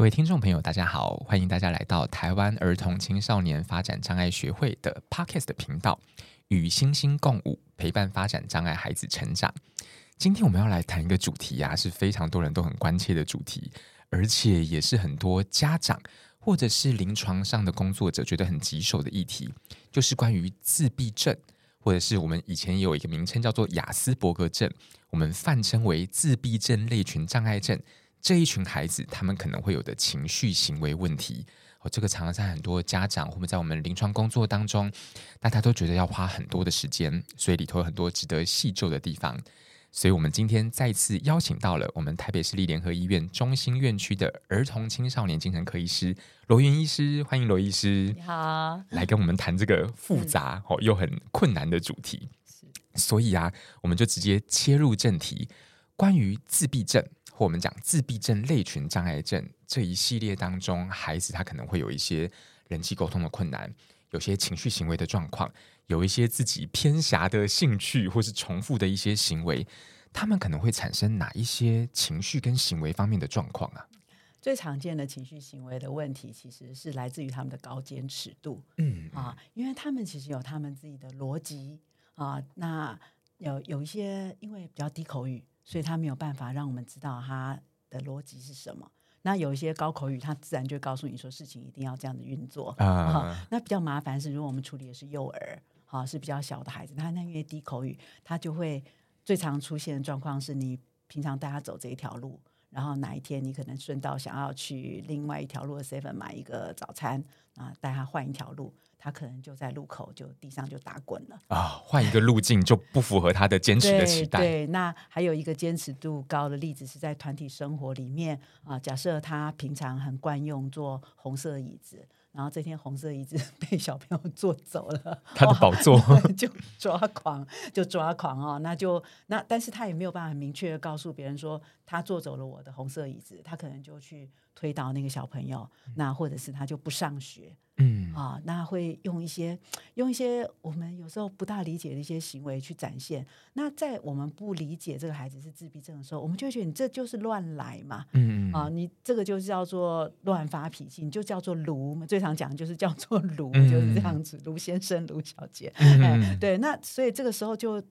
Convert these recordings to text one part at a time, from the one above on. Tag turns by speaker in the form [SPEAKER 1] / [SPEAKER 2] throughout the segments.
[SPEAKER 1] 各位聽眾朋友，大家好！歡迎大家來到台灣兒童青少年發展障礙學會的 Podcast 頻道“與星星共舞”，陪伴發展障礙孩子成長。今天我們要來談一個主題啊，是非常多人都很關切的主題，而且也是很多家長或者是臨床上的工作者覺得很棘手的議題，就是關於自閉症，或者是我們以前有一個名稱叫做亞斯伯格症，我們泛稱為自閉症類群障礙症。這一群孩子，他們可能會有的情緒行為問題，哦，這個常常在很多家長，或者在我們臨床工作當中，大家都覺得要花很多的時間，所以裡頭有很多值得細究的地方。所以，我們今天再次邀請到了我們臺北市立聯合醫院中心院區的兒童青少年精神科醫師羅筠醫師，歡迎羅醫師，你好，來跟我們談這個複雜哦又很困難的主題。是，所以啊，我們就直接切入正題，關於自閉症。我們講自閉症類群障礙症這一系列當中，孩子他可能會有一些人際溝通的困難，有些情緒行為的狀況，有一些自己偏狹的興趣，或是重複的一些行為，他們可能會產生哪一些情緒跟行為方面的狀況啊？
[SPEAKER 2] 最常見的情緒行為的問題，其實是來自於他們的高堅持度，嗯，嗯啊，因為他們其實有他們自己的邏輯啊，那有有一些因為比較低口語。所以，他沒有辦法讓我們知道他的邏輯是什麼。那有一些高口語，他自然就告訴你說事情一定要這樣子運作、uh. 哦、那比較麻煩是，如果我們處理的是幼兒，哈、哦，是比較小的孩子，他那因為低口語，他就會最常出現的狀況是，你平常帶他走這一條路，然後哪一天你可能順道想要去另外一條路的 seven 買一個早餐啊、呃，帶他換一條路，他可能就在路口就地上就打滾了
[SPEAKER 1] 啊，換一個路徑就不符合他的堅持的期待 對。對，
[SPEAKER 2] 那還有一個堅持度高的例子是在團體生活裡面啊、呃，假設他平常很慣用坐紅色椅子。然後這天紅色椅子被小朋友坐走了，他的寶座就抓狂， 就抓狂啊、哦！那就那，但是他也沒有辦法很明確的告訴別人說他坐走了我的紅色椅子，他可能就去推倒那個小朋友，嗯、那或者是他就不上學。嗯啊、哦，那會用一些用一些我們有時候不大理解的一些行為去展現。那在我們不理解這個孩子是自閉症的時候，我們就會覺得你這就是亂來嘛，嗯啊、哦，你這個就是叫做亂發脾氣，你就叫做盧嘛，最常講的就是叫做盧、嗯，就是這樣子，盧先生、盧小姐、嗯嗯嗯，對，那所以這個時候就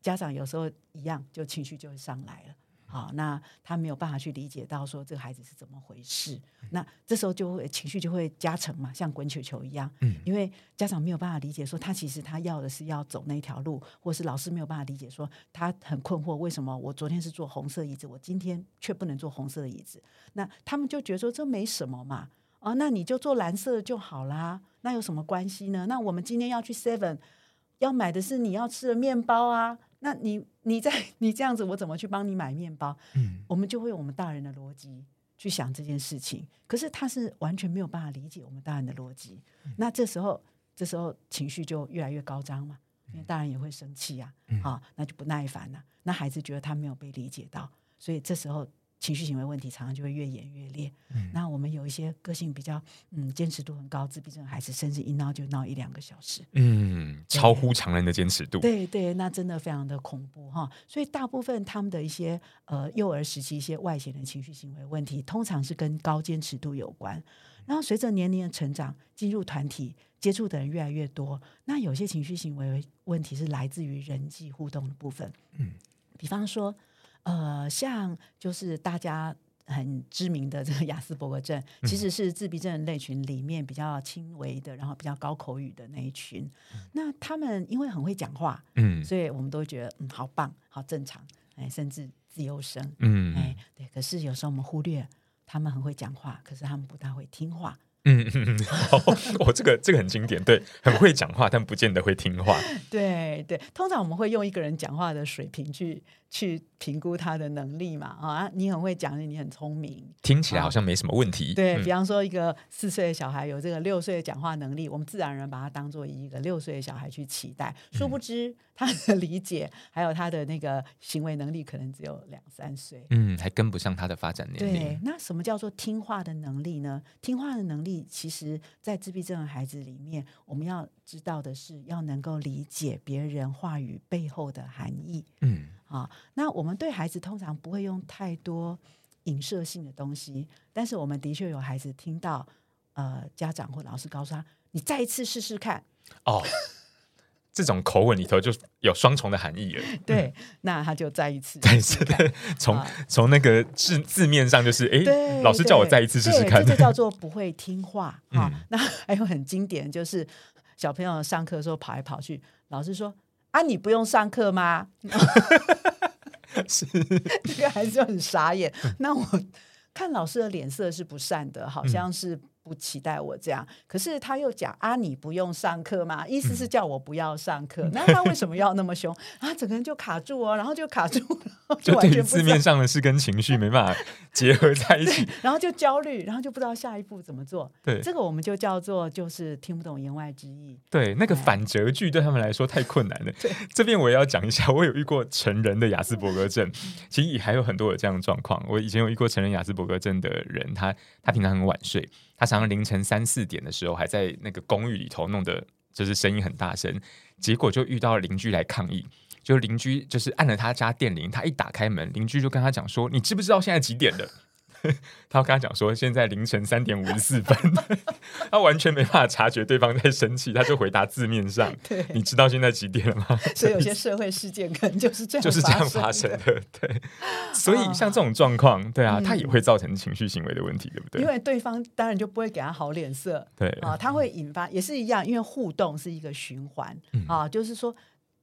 [SPEAKER 2] 家長有時候一樣，就情緒就會上來了。好、哦，那他沒有辦法去理解到說這個孩子是怎麼回事，嗯、那這時候就會情緒就會加成嘛，像滾雪球一樣。嗯，因為家長沒有辦法理解說他其實他要的是要走那條路，或是老師沒有辦法理解說他很困惑為什麼我昨天是坐紅色椅子，我今天卻不能坐紅色的椅子。那他們就覺得說這沒什麼嘛，哦、啊，那你就坐藍色的就好啦，那有什麼關係呢？那我們今天要去 Seven，要買的是你要吃的麵包啊，那你。你在你這樣子，我怎麼去幫你買麵包？嗯，我們就會用我們大人的邏輯去想這件事情。可是他是完全沒有辦法理解我們大人的邏輯、嗯，那這時候，這時候情緒就越來越高漲嘛。因為大人也會生氣呀、啊，啊、嗯哦，那就不耐煩了、啊。那孩子覺得他沒有被理解到，所以這時候。情緒行為問題常常就會越演越烈。嗯，那我們有一些個性比較嗯堅持度很高、自閉症孩子，甚至一鬧就鬧一兩個小時。
[SPEAKER 1] 嗯，超乎常人的堅持度。對，對，
[SPEAKER 2] 對，那真的非常的恐怖哈。所以大部分他們的一些呃幼兒時期一些外顯的情緒行為問題，通常是跟高堅持度有關。嗯，然後隨着年齡的成長，進入團體接觸的人越來越多，那有些情緒行為問題是來自於人際互動的部分。嗯，比方說。呃，像就是大家很知名的這個亞斯伯格症，嗯，其實是自閉症類群裡面比較輕微的，然後比較高口語的那一群。那他們因為很會講話，嗯，所以我們都覺得嗯好棒，好正常，哎，甚至資優生，嗯，哎，對。可是有時候我們忽略，他們很會講話，可是他們不大會聽話。
[SPEAKER 1] 嗯嗯嗯、哦，哦，這個這個很經典，對，很會講話，但不見得會聽話。
[SPEAKER 2] 對對，通常我們會用一個人講話的水平去去評估他的能力嘛。啊，你很會講，你很聰明，
[SPEAKER 1] 聽起來好像沒什麼問題。哦、對、嗯、比方
[SPEAKER 2] 說，一個四歲的小孩有這個六歲的講話能力，我們自然而然把他當做一個六歲的小孩去期待，殊不知、嗯、他的理解還有他的那個行為能力可能只有兩三歲。
[SPEAKER 1] 嗯，還跟不上他的發展年齡。
[SPEAKER 2] 對，那什麼叫做聽話的能力呢？聽話的能力。其實，在自閉症的孩子裡面，我們要知道的是，要能夠理解別人話語背後的含義。嗯，啊、哦，那我們對孩子通常不會用太多影射性的東西，但是我們的確有孩子聽到，呃，家長或老師告訴他：“你再一次試試看。”
[SPEAKER 1] 哦。 這種口吻裡頭就有雙重的含義了。
[SPEAKER 2] 對，那他就再一
[SPEAKER 1] 次試試、嗯，再一次的從從、啊、那個字字面上就是，哎、欸，老師叫我再一次試試看，呵呵這就叫
[SPEAKER 2] 做不會聽話、啊嗯、那還有、欸、很經典，就是小朋友上課的時候跑來跑去，老師說：“啊，你不用上課嗎？”哈這個還是很傻眼。嗯、那我看老師的臉色是不善的，好像是、嗯。不期待我這樣，可是他又講，啊，你不用上課嗎？意思是叫我不要上課。嗯、那他為什麼要那麼凶啊？ 整個人就卡住哦，然後就卡住了。然後就完全不對字面
[SPEAKER 1] 上的事，跟情緒沒辦法結合在一起，
[SPEAKER 2] 然後就焦慮，然後就不知道下一步怎麼做。對，這個我們就叫做就是聽不懂言外之意。
[SPEAKER 1] 對，那個反折句對他們來說太困難了。這邊我也要講一下，我有遇過成人的亞斯伯格症，嗯、其實也還有很多的這樣的狀況。我以前有遇過成人亞斯伯格症的人，他他平常很晚睡。他常常凌晨三四點的時候，還在那個公寓裡頭弄的，就是聲音很大聲，結果就遇到鄰居來抗議。就鄰居就是按了他家電鈴，他一打開門，鄰居就跟他講說：“你知不知道現在幾點了？” 他跟他講說，現在凌晨三點五十四分， 他完全沒辦法察覺對方在生氣，他就回答字面上。對，你知道現在幾點了嗎？是不是，所以有些
[SPEAKER 2] 社會事件可能就是這樣，就是這樣發
[SPEAKER 1] 生的。對，所以像這種狀況，對啊，他、啊、也會造成情緒行為的問題、嗯，對不對？因
[SPEAKER 2] 為對方當然就不會給他好臉色，對啊，他會引發也是一樣，因為互動是一個循環、嗯、啊，就是說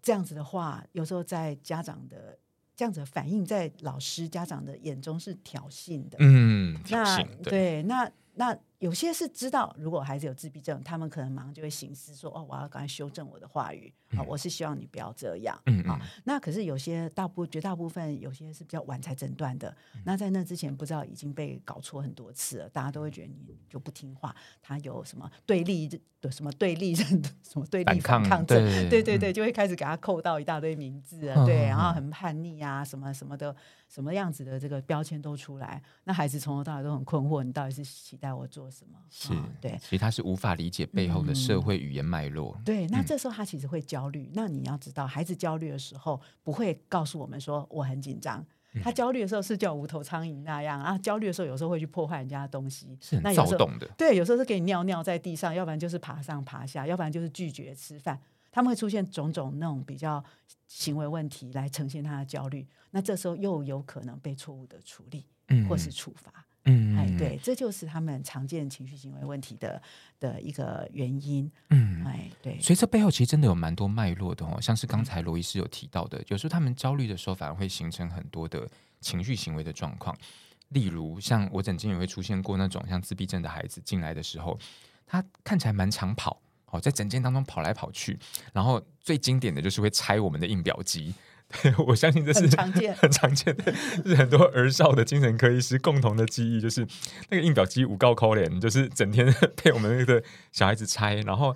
[SPEAKER 2] 這樣子的話，有時候在家長的。這樣子反映在老師、家長的眼中是挑釁的，嗯，那對，對，那那。有些是知道，如果孩子有自閉症，他們可能馬上就會行事說：“哦，我要趕快修正我的話語。嗯”啊、哦，我是希望你不要這樣、嗯嗯、啊。那可是有些大部絕大部分有些是比較晚才診斷的，嗯、那在那之前不知道已經被搞錯很多次了，大家都會覺得你就不聽話，他有什麼對立的什麼對立什麼對立反抗症，抗對對對、嗯，就會開始給他扣到一大堆名字啊、嗯，對，然後很叛逆啊，什麼什麼的，什麼樣子的這個標籤都出來，那孩子從頭到尾都很困惑，你到底是期待我做？是對，所
[SPEAKER 1] 以他是無法理解背後的社會語言脈絡、嗯。
[SPEAKER 2] 對，那這時候他其實會焦慮。那你要知道、嗯，孩子焦慮的時候不會告訴我們說我很緊張。他焦慮的時候是叫無頭蒼蠅那樣啊。焦慮的時候有時候會去破壞人家的東西，是那也躁動的。對，有時候是給你尿尿在地上，要不然就是爬上爬下，要不然就是拒絕吃飯。他們會出現種種那種比較行為問題來呈現他的焦慮。那這時候又有可能被錯誤的處理，或是處罰。嗯嗯，哎，對，這就是他們常見情緒行為問題的的一個原因。嗯，哎，對，所以
[SPEAKER 1] 這背後其實真的有蠻多脈絡的哦，像是剛才羅醫師有提到的，有時候他們焦慮的時候，反而會形成很多的情緒行為的狀況，例如像我診間也會出現過那種像自閉症的孩子進來的時候，他看起來蠻常跑哦，在診間當中跑來跑去，然後最經典的就是會拆我們的印表機。對，我相信這是很常見，很常見的， 就是很多兒少的精神科醫師共同的記憶，就是那個印表機五告可憐，就是整天被我們那個小孩子拆。然後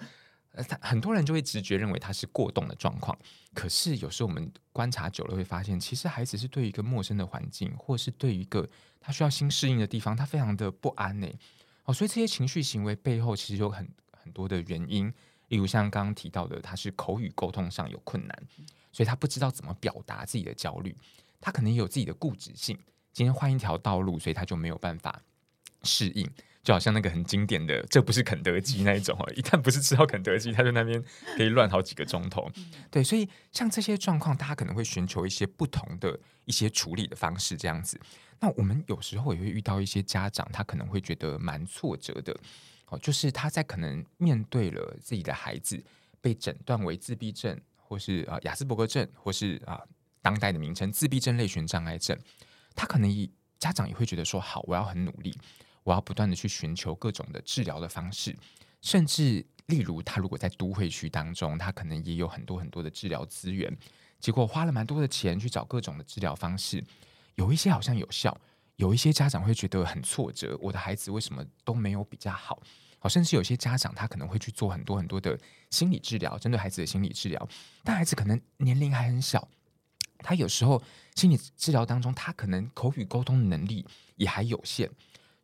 [SPEAKER 1] 他很多人就會直覺認為他是過動的狀況，可是有時候我們觀察久了會發現，其實孩子是對一個陌生的環境，或是對一個他需要新適應的地方，他非常的不安呢、欸。哦，所以這些情緒行為背後其實有很很多的原因。例如像剛剛提到的，他是口語溝通上有困難，所以他不知道怎麼表達自己的焦慮。他可能也有自己的固執性，今天換一條道路，所以他就沒有辦法適應。就好像那個很經典的，這不是肯德基那一種哦，一旦不是吃到肯德基，他就在那邊可以亂好幾個鐘頭。對，所以像這些狀況，大家可能會尋求一些不同的一些處理的方式，這樣子。那我們有時候也會遇到一些家長，他可能會覺得蠻挫折的。就是他在可能面對了自己的孩子被診斷為自閉症，或是啊亞斯伯格症，或是啊當代的名稱自閉症類群障礙症，他可能以家長也會覺得說，好，我要很努力，我要不斷的去尋求各種的治療的方式，甚至例如他如果在都會區當中，他可能也有很多很多的治療資源，結果花了蠻多的錢去找各種的治療方式，有一些好像有效。有一些家長會覺得很挫折，我的孩子為什麼都沒有比較好？甚至有些家長他可能會去做很多很多的心理治療，針對孩子的心理治療。但孩子可能年齡還很小，他有時候心理治療當中，他可能口語溝通的能力也還有限。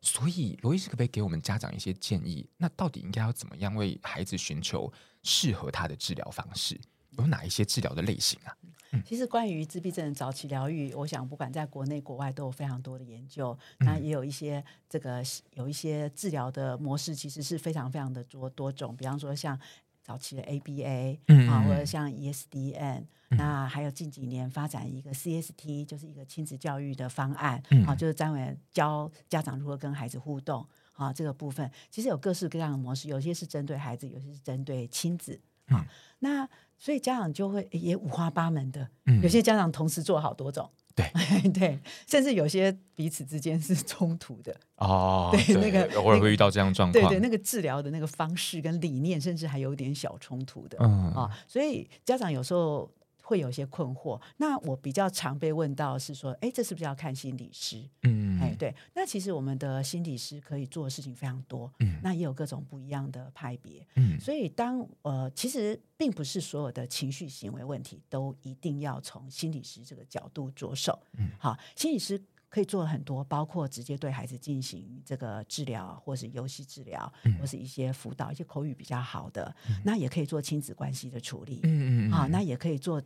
[SPEAKER 1] 所以羅醫師可不可以給我們家長一些建議？那到底應該要怎麼樣為孩子尋求適合他的治療方式？有哪一些治療的類型啊？
[SPEAKER 2] 嗯、其實關於自閉症早期療育，我想不管在國內國外都有非常多的研究，嗯、那也有一些這個有一些治療的模式，其實是非常非常的多多種。比方說像早期的 ABA、嗯、啊，或者像 ESDN，、嗯、那還有近幾年發展一個 CST，就是一個親子教育的方案、嗯啊、就是專門教家長如何跟孩子互動啊，這個部分其實有各式各樣的模式，有些是針對孩子，有些是針對親子。啊、嗯，那所以家長就會、欸、也五花八門的、嗯，有些家長同時做好多種，對 對，甚至有些彼此之間是衝突的哦，對，對，那個偶爾會遇到這樣狀況，對，對對，那個治療的那個方式跟理念，甚至還有點小衝突的，啊、嗯哦，所以家長有時候。會有些困惑，那我比較常被問到是說，哎，這是不是要看心理師？
[SPEAKER 1] 嗯，哎，對，
[SPEAKER 2] 那其實我們的心理師可以做的事情非常多，嗯，那也有各種不一樣的派別，嗯，所以當呃，其實並不是所有的情緒行為問題都一定要從心理師這個角度着手，嗯，好，心理師可以做很多，包括直接對孩子進行這個治療，或是遊戲治療，嗯、或是一些輔導，一些口語比較好的，嗯、那也可以做親子關係的處理，嗯嗯、啊、嗯，啊、嗯，那也可以做。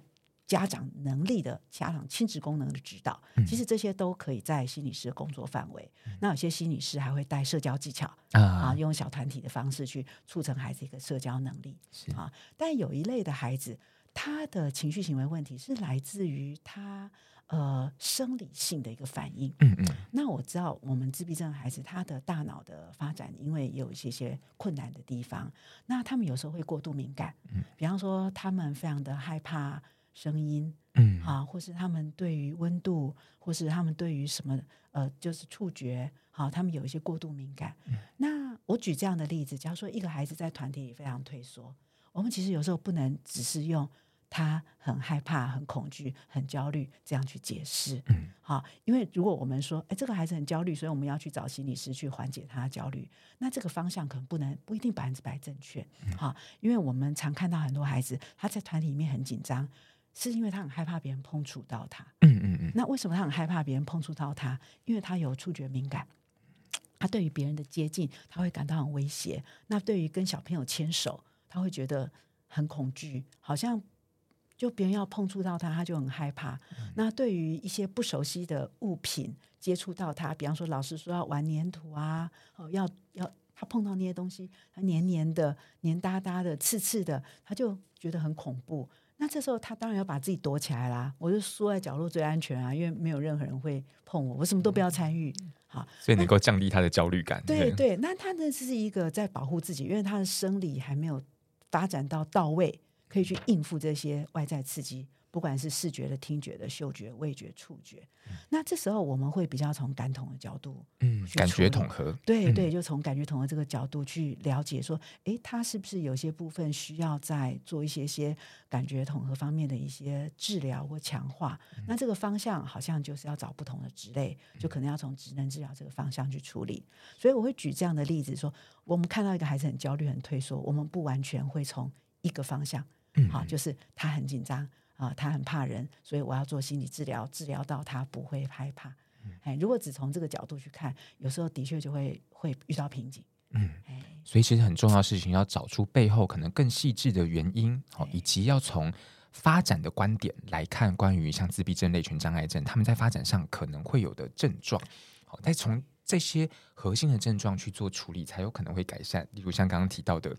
[SPEAKER 2] 家長能力的家長親職功能的指導，其實這些都可以在心理師的工作範圍，嗯。那有些心理師還會帶社交技巧，嗯、啊，用小團體的方式去促成孩子一個社交能力是啊。但有一類的孩子，他的情緒行為問題是來自於他呃生理性的一個反應。嗯嗯。那我知道，我們自閉症孩子他的大腦的發展，因為有一些些困難的地方，那他們有時候會過度敏感。嗯、比方說，他們非常的害怕聲音，嗯，好，或是他們對於溫度，或是他們對於什麼，呃，就是觸覺，好、哦，他們有一些過度敏感、嗯。那我舉這樣的例子，假如說一個孩子在團體裡非常退縮，我們其實有時候不能只是用他很害怕、很恐懼、很焦慮這樣去解釋，嗯，好，因為如果我們說，哎，這個孩子很焦慮，所以我們要去找心理師去緩解他的焦慮，那這個方向可能不能不一定百分之百正確，好、嗯，因為我們常看到很多孩子他在團體裡面很緊張。是因為他很害怕別人碰觸到他。嗯嗯嗯。那為什麼他很害怕別人碰觸到他？因為他有觸覺敏感，他對於別人的接近，他會感到很威脅。那對於跟小朋友牽手，他會覺得很恐懼，好像就別人要碰觸到他，他就很害怕。嗯、那對於一些不熟悉的物品接觸到他，比方說老師說要玩粘土啊，哦、呃、要要他碰到那些東西，他黏黏的、黏噠噠的、刺刺的，他就覺得很恐怖。那這時候他當然要把自己躲起來啦，我就縮在角落最安全啊，因為沒有任何人會碰我，我什麼都不要參與。嗯，
[SPEAKER 1] 好，所以能夠降低他的焦慮感。對，對
[SPEAKER 2] 對，那他呢，是一個在保護自己，因為他的生理還沒有發展到到位，可以去應付這些外在刺激。不管是視覺的、聽覺的、嗅覺、味覺、觸覺，嗯、那這時候我們會比較從感統的角度，
[SPEAKER 1] 嗯，感覺統合，對對，
[SPEAKER 2] 就從感覺統合這個角度去了解說，嗯、誒他是不是有些部分需要在做一些些感覺統合方面的一些治療或強化、嗯？那這個方向好像就是要找不同的職類，就可能要從職能治療這個方向去處理。嗯、所以我會舉這樣的例子說，我們看到一個孩子很焦慮、很退縮，我們不完全會從一個方向，嗯，嗯，好，就是他很緊張。啊、哦，他很怕人，所以我要做心理治療，治療到他不會害怕。哎，如果只從這個角度去看，有時候的確就會會遇到
[SPEAKER 1] 瓶頸。嗯，所以其實很重要的事情要找出背後可能更細緻的原因，好、哦，以及要從發展的觀點來看，關於像自閉症、類群障礙症，他們在發展上可能會有的症狀，好、哦，再從這些核心的症狀去做處理，才有可能會改善。例如像剛剛提到的。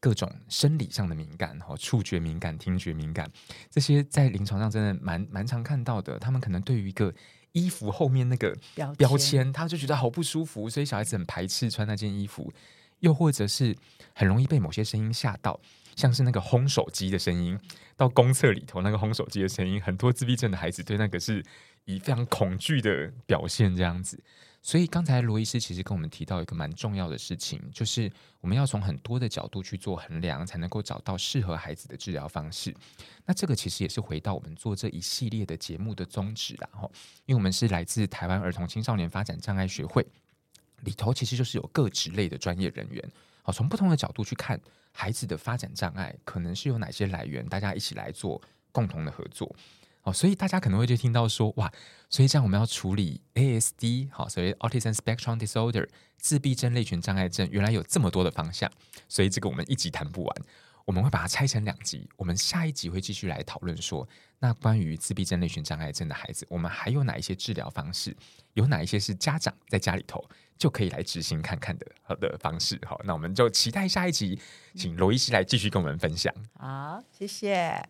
[SPEAKER 1] 各種生理上的敏感，吼，觸覺敏感、聽覺敏感，這些在臨床上真的蠻蠻常看到的。他們可能對於一個衣服後面那個
[SPEAKER 2] 標標籤
[SPEAKER 1] 錶，他就覺得好不舒服，所以小孩子很排斥穿那件衣服。又或者是很容易被某些聲音嚇到，像是那個烘手機的聲音，到公廁裡頭那個烘手機的聲音，很多自閉症的孩子對那個是以非常恐懼的表現這樣子。所以，剛才羅醫師其實跟我們提到一個蠻重要的事情，就是我們要從很多的角度去做衡量，才能夠找到適合孩子的治療方式。那這個其實也是回到我們做這一系列的節目的宗旨啦。哈，因為我們是來自台灣兒童青少年發展障礙學會裡頭，其實就是有各職類的專業人員，好，從不同的角度去看孩子的發展障礙，可能是有哪些來源，大家一起來做共同的合作。所以大家可能會就聽到說哇，所以這樣我們要處理 ASD，好，所以 Autism Spectrum Disorder 自閉症類群障礙症，原來有這麼多的方向，所以這個我們一集談不完，我們會把它拆成兩集。我們下一集會繼續來討論說，那關於自閉症類群障礙症的孩子，我們還有哪一些治療方式？有哪一些是家長在家裡頭就可以來執行看看的好的，的方式？好，那我們就期待下一集，請羅醫師來繼續跟我們分享。
[SPEAKER 2] 好，謝謝。